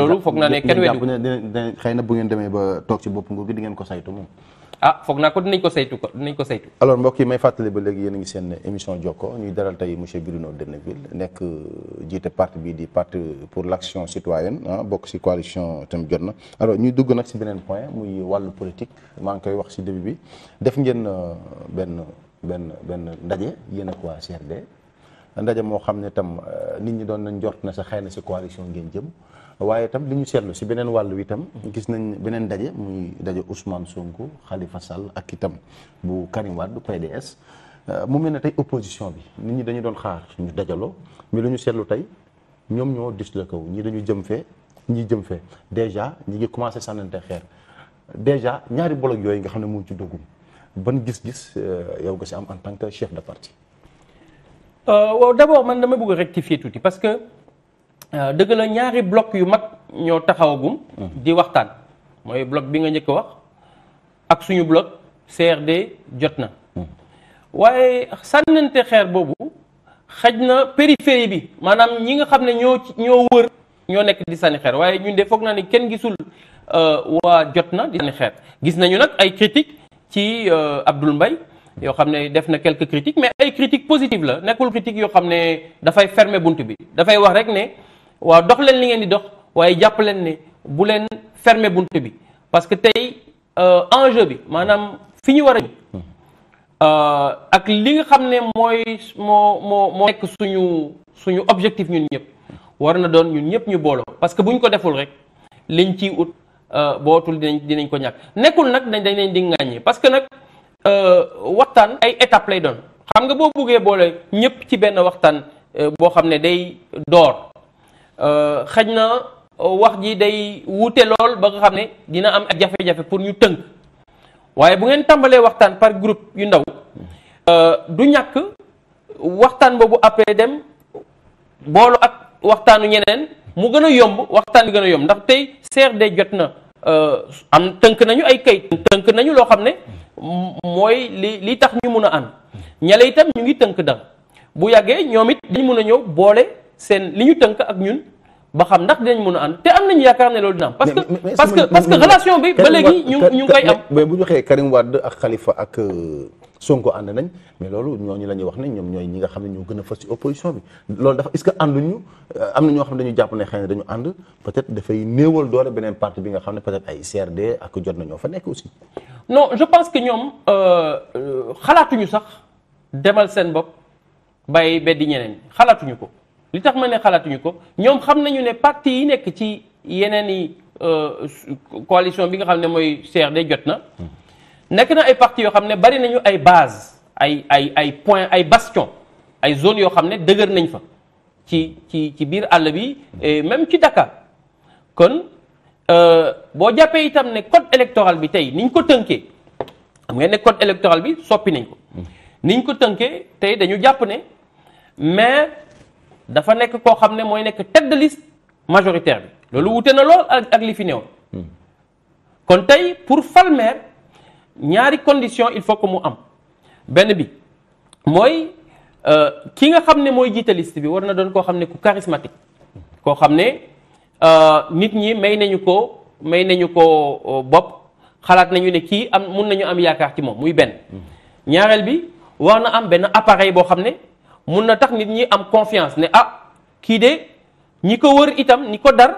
loolu foog naa ne kenn weddu xëy na bu ngeen demee ba toog ci bopp nguur gi di ngeen ko saytu moom ah foog naa ko dinañ ko saytu ko dinañ ko saytu mbokk yi may fàttali ba léegi yéen a ngi seen émission jokko ñuy dalal tey monsieur Bruno Derneville nekk euh, jiite parti bii di parti pour l'action citoyenne ah bokk ci coalition tam jot na alors ñuy dugg nag ci beneen point muy wàllu politique maa ngi koy wax ci début bi def ngeen euh, benn benn benn ndaje yéen ak waa CRD ndaje moo xam ne tam euh, nit ñi doon nañ jort na sa xëy na ci coalition ngeen jëm waaye tam li ñu seetlu si beneen wàll wi tam gis nañ beneen daje muy daje Ousmane Sonko Khalifa Sall ak itam bu Karim Wade PDS euh, mu mel ne tey opposition bi nit ñi dañu doon xaar ñu dajaloo mais lu ñu seetlu tey ñoom ñoo disloqué kow ñii dañu jëm fee ñii jëm fee déjà ñi ngi commencé sànnante xeer déjà ñaari bolog yooyu nga xam ne moo ci dugg ban gis-gis euh, yow nga si am en tant que chef de parti. Euh, waaw man dama bëgg rectifier tuuti Euh, dëgg la ñaari bloc yu mag ñoo taxawagum. di waxtaan mooy bloc bi nga njëkk wax ak suñu bloc CRD jot na. waaye sànnante xeer boobu xaj na périphérie bi maanaam ñi nga xam ne ñoo ñoo wër ñoo nekk di sànni xeer waaye ñun de foog naa ni kenn gisul euh, waa jot na di sànni xeer gis nañu nag ay critiques ci euh, abdul mbay yoo xam ne def na quelques critiques mais ay critiques positives la nekkul critiques yoo xam ne dafay fermer bunt bi dafay wax rek ne. waaw dox leen li ngeen di dox waaye jàpp leen ne bu leen fermer bunt bi parce que tey euh, enjeu bi maanaam fi ñu war a euh, ak li nga xam ne mooy moo moo moo nekk suñu suñu objectif ñun ñëpp war na doon ñun ñëpp ñu booloo parce que bu ñu ko deful rek liñ ciy ut euh, bootul dinañ dinañ ko ñàkk nekkul nag dañ dañ leen di ŋàññi parce que nag waxtaan ay étape lay doon xam nga boo buggee boole ñëpp ci benn waxtaan boo xam ne day door Euh, xaj na euh, wax ji day wuute lool ba nga xam ne dina am ak jafe-jafe pour ñu tënk waaye bu ngeen tàmbalee waxtaan par groupe yu ndaw euh, du ñàkk waxtaan boobu après dem boolu ak waxtaanu ñeneen mu gën a yomb waxtaan bi gën a yomb ndax tey CRD jot na am tënk nañu ay kayit tënk nañu loo xam ne mooy li li tax ñu mun a ànd ñale itam ñu ngi tënk da bu yàggee ñoom it dañu mun a ñëw boole. seen li ñu tënk ak ñun ba xam ndax dinañ mën a ànd te am nañ yaakaar ne loolu dina am. parce que parce que parce que relation bi. ba léegi ñu ñu ngi koy am. mais bu ñu waxee ak Khalifa ak euh, Sonko ànd nañ mais loolu ñooñu la ñuy wax ne ñoom ñooy ñi nga xam ne ñoo gën a fës ci opposition bi loolu dafa est-ce que ànduñu euh, am na ñoo xam ne dañu jàpp ne xëy ne dañu ànd peut-être dafay néewal doole beneen parti bi nga xam ne peut-être ay CRD ak jot na ñoo fa nekk aussi. non je que ñoom euh, xalaatuñu sax demal seen bopp bàyyi beddi ñeneen xalaatuñu ko li tax ma ne xalaatuñu ko ñoom xam nañu ne parti yi nekk ci yeneen i euh, coalition bi nga xam ne mooy CRD jot na nekk na ay parti yoo xam ne bari nañu ay base ay ay ay point ay bastion ay zone yoo xam ne dëgër nañ fa ci ci ci biir àll bi et même ci Dakar kon euh, boo jàppee itam ne code électoral bi tey niñ ko tënkee xam ngeen ne code électoral bi soppi nañ ko mm. niñ ko tënkee tey dañu jàpp ne mais dafa nekk koo xam ne mooy nekk tête de liste majoritaire bi loolu wute na lool ak li fi néew kon tey pour fal ñaari condition il faut que mu am benn bi mooy euh, ki nga xam ne mooy jiite liste bi war na doon koo xam ne ku charismatique koo xam ne euh, nit ñi may nañu ko may nañu ko euh, bopp xalaat nañu ne kii am mun nañu am yaakaar ci moom muy benn ñaareel bi war na am benn appareil boo xam ne mun na tax nit ñi am confiance ne ah kii de ñi ko wër itam ni ko dar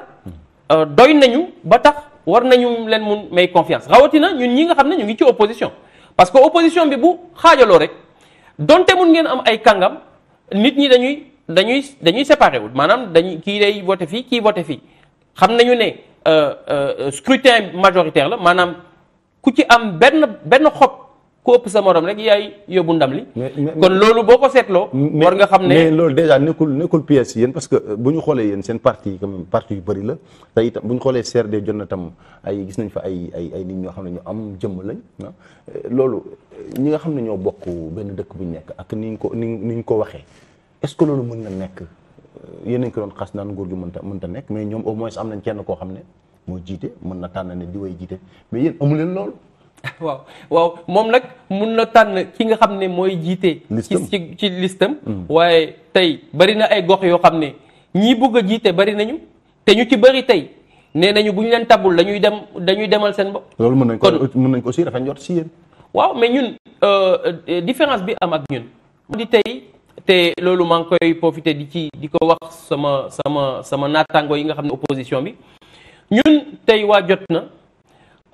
euh, doy nañu ba tax war nañu leen mun may confiance rawatina ñun ñi nga xam ne ñu ngi ci opposition parce que opposition bi bu xaajaloo rek donte mun ngeen am ay kàngam nit ñi dañuy dañuy dañuy séparé wul maanaam dañuy kii day vote fii kii vote fii xam nañu ne euh, euh, scrutin majoritaire la maanaam ku ci am benn benn xob ku ëpp sa morom rek yaay yóbbu ndam li. kon loolu boo ko seetloo. war nga xam ne mais loolu déjà nekkul nekkul pièce yéen parce que euh, bu ñu xoolee yéen seen parti yi comme parti yu bëri la te itam bu ñu xoolee na tam ay gis nañ fa ay ay ay nit ñoo xam ne ñu am jëmm lañ ah. euh, loolu euh, ñi nga xam ne ñoo bokk benn dëkk bu ñu nekk ak ni ñu ko ni ñu ko waxee est-ce que loolu na nekk yéen nañ ko doon xas naan nguur gi mënta mënta nekk mais ñoom au moins am nañ kenn koo xam ne moo jiite mën na tànn ne di way jiite mais yéen amu loolu waaw waaw moom nag mun na tànn ki nga xam ne mooy jiite. ci ci listam mm. waaye tey bari na ay gox yoo xam ne ñii bëgg a jiite bari nañu te ñu ci bari tey nee nañu bu ñu leen tabul dañuy dem dañuy demal seen bopp. loolu mën nañ ko mën nañ ko aussi dafa njort si yéen. waaw mais ñun euh, euh, différence bi am ak ñun. di tey te loolu maa ngi koy profité di ci di ko wax sama sama sama naataango yi nga xam ne opposition bi ñun tey waa jot na.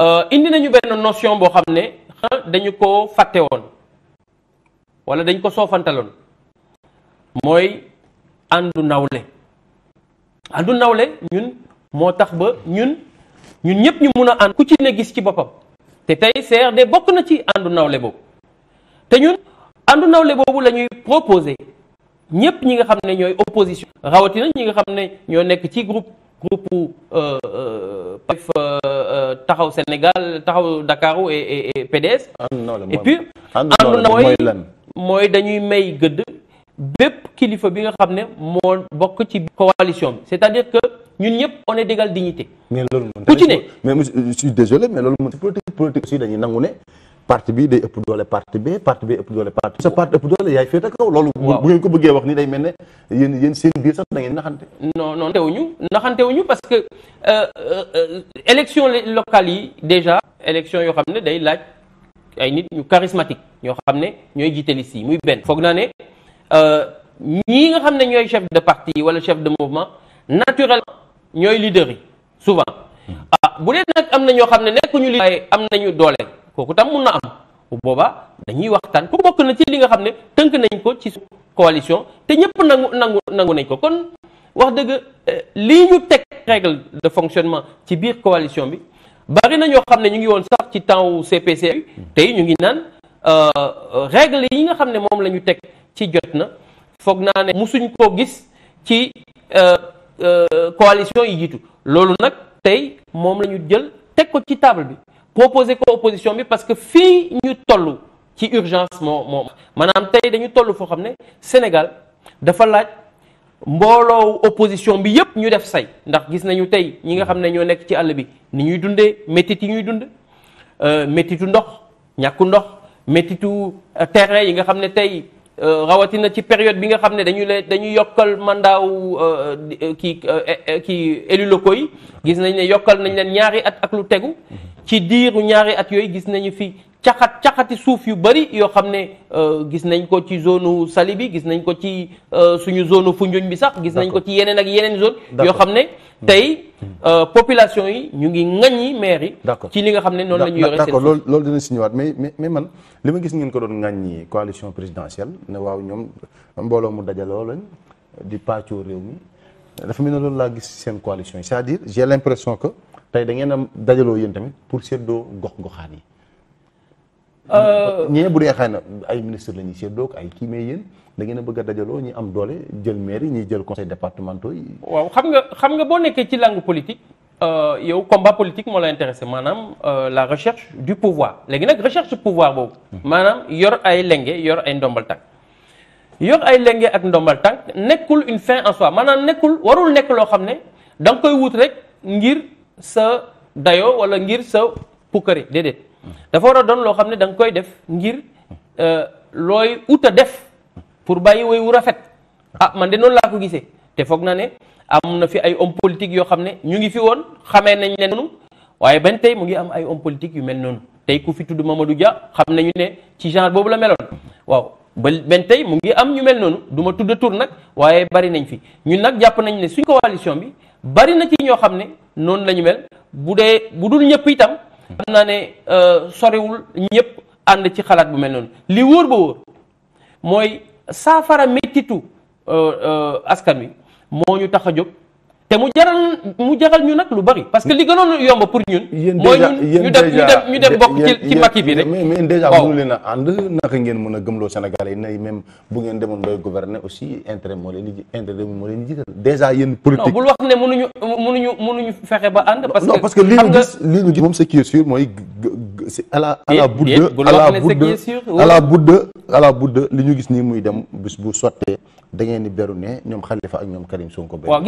Euh, indi nañu benn notion boo xam ne dañu ko fàtte woon wala dañ ko soofantaloon mooy àndu nawle àndu nawle ñun moo tax ba ñun ñun ñëpp ñu mun a ànd ku ci ne gis ci boppam te tey CRD bokk na ci àndu nawle boobu te ñun àndu nawle boobu la ñuy proposé ñëpp ñi nga xam ne ñooy opposition rawatina ñi nga xam ne ñoo nekk ci groupe groupe euh, euh, taxaw Sénégal taxaw Ndakaaru et et PDS. et puis ànd na mooy mooy dañuy may gëdd bépp kilifa bi nga xam ne moo bokk ci coalition bi c'est-à-dire que ñun ñëpp on est d'égale dignité. mais loolu moom ku ci ne mais je suis désolé mais loolu moom ci politique politique aussi dañuy nangu ne. parti bi day ëpp doole parti bi parti bi ëpp doole parti sa parti ëpp doole yaay féete kaw loolu bu ngeen ko bëggee wax ni day mel ne yéen yéen seen biir sax da ngeen naxante non non naxantewuñu naxantewuñu parce que euh, euh, élection locale yi déjà élection yoo xam ne day laaj ay nit ñu charismatique ñoo xam ne ñooy jiite liste yi muy benn foog naa ne euh, ñii nga xam ne ñooy chef de parti wala chef de mouvement naturellement ñooy leader yi souvent hmm. ah bu dee nag am na ñoo xam ne nekkuñu li am nañu doole kooku tam mun na am bu boobaa dañuy waxtaan ku bokk na ci li nga xam ne tënk nañ ko ci coalition te ñëpp nangu nangu nangu nañ ko kon wax dëgg eh, lii ñu teg règle de fonctionnement ci biir coalition bi bari na ñoo xam ne ñu ngi woon sax ci temps wu CPC tey ñu ngi naan euh, règle yi nga xam ne moom la ñu teg ci jot na foog naa ne musuñ koo gis ci euh, euh, coalition yi jiitu loolu nag tey moom la ñu jël teg ko ci table bi proposer ko opposition bi parce que fii ñu toll ci urgence moo moo maanaam tey dañu toll foo xam ne Sénégal dafa laaj mbooloo opposition bi yépp ñu def say ndax gis nañu tey ñi nga xam ne ñoo nekk ci àll bi ni ñuy dundee métit yi ñuy dund euh, métitu ndox ñàkku ndox métitu euh, terrain yi nga xam ne tey euh, rawatina ci période bi nga xam ne dañu leen dañu yokkal mandat wu kii e-, kii élus yi gis nañ ne yokkal nañ leen ñaari at ak lu tegu ci diiru ñaari at yooyu gis nañu fi caxat caqati suuf yu bëri yoo xam ne euh, gis nañ ko ci zone Saly bi gis nañ ko ci euh, suñu zone Foundiougne bi sax gis nañ ko ci yeneen ak yeneen zone yoo xam ne hmm. tey hmm. Euh, population yi ñu ngi ŋaññi maire yi ci li nga xam ne noonu la ñu yore d'accord loolu loolu dina si mais mais man li ma gis ngeen ko doon ŋaññi coalition présidentielle ne waaw ñoom mbooloo mu dajaloo lañ di pàccoo réew mi dafa mel loolu laa gis seen coalition yi c'est-à-dire j'ai l'impression tey da ngeen a dajaloo yéen tamit pour séddoo gox-goxaan yi. Euh, ñee bu dee xëy na ay ministre la ñuy séddoo ak ay kii mais yéen da a bëgg a dajaloo ñi am doole jël maire yi ñuy jël conseil départementaux yi. waaw xam nga xam nga boo nekkee ci langue politique. Euh, yow combat politique moo la intéressé maanaam euh, la recherche du pouvoir léegi nag recherche du pouvoir boobu. Hmm. maanaam yor ay lenge yor ay ndombal tànk. yor ay lenge ak ndombal tànk nekkul une fin en soi maanaam nekkul warul nekk loo xam ne da nga wut rek ngir. sa dayo wala ngir sa pukkare déedéet dafa war a doon loo xam ne da nga koy def ngir euh, looy ut a def pour bàyyi woy wu rafet ah man de noonu laa ko gise te foog na ne am na fi ay homme politique yoo xam ne ñu ngi fi woon xame nañ leen noonu waaye bañ tey mu ngi am ay homme yu mel noonu tey ku fi tudd Mamadou Dia xam nañu ne ci genre boobu la meloon waaw ba benn tey mu ngi am ñu mel noonu du ma tudd tur nag waaye bari nañ fi ñun nag jàpp nañ ne suñ coalition bi bari na ci ñoo xam ne noonu la ñu mel bu dee bu dul ñëpp itam xam naa ne euh, sorewul ñëpp ànd ci xalaat bu mel noonu li wóor ba wóor mooy saafara mettitu euh, euh, askan wi moo ñu tax a jóg te mu jaral mu jaral ñu nag lu bari parce que li gënoon yomb pour ñun. mooy ñu dem ñu dem ñu bi rek. mais mais leen a ànd naka ngeen mën a gëmloo Sénégal yi même bu ngeen demoon bay gouverner aussi intérêt moo leen di intérêt moo leen di jiital déjà yéen politique. non ba ànd. parce que parce que li ñu gis li ñu moom ce qui est mooy c'est à la à la la la bout de la bout de li ñu gis nii muy dem bis bu sottee da ngeen di beru ne ñoom Khalifa ak ñoom Karim Sonko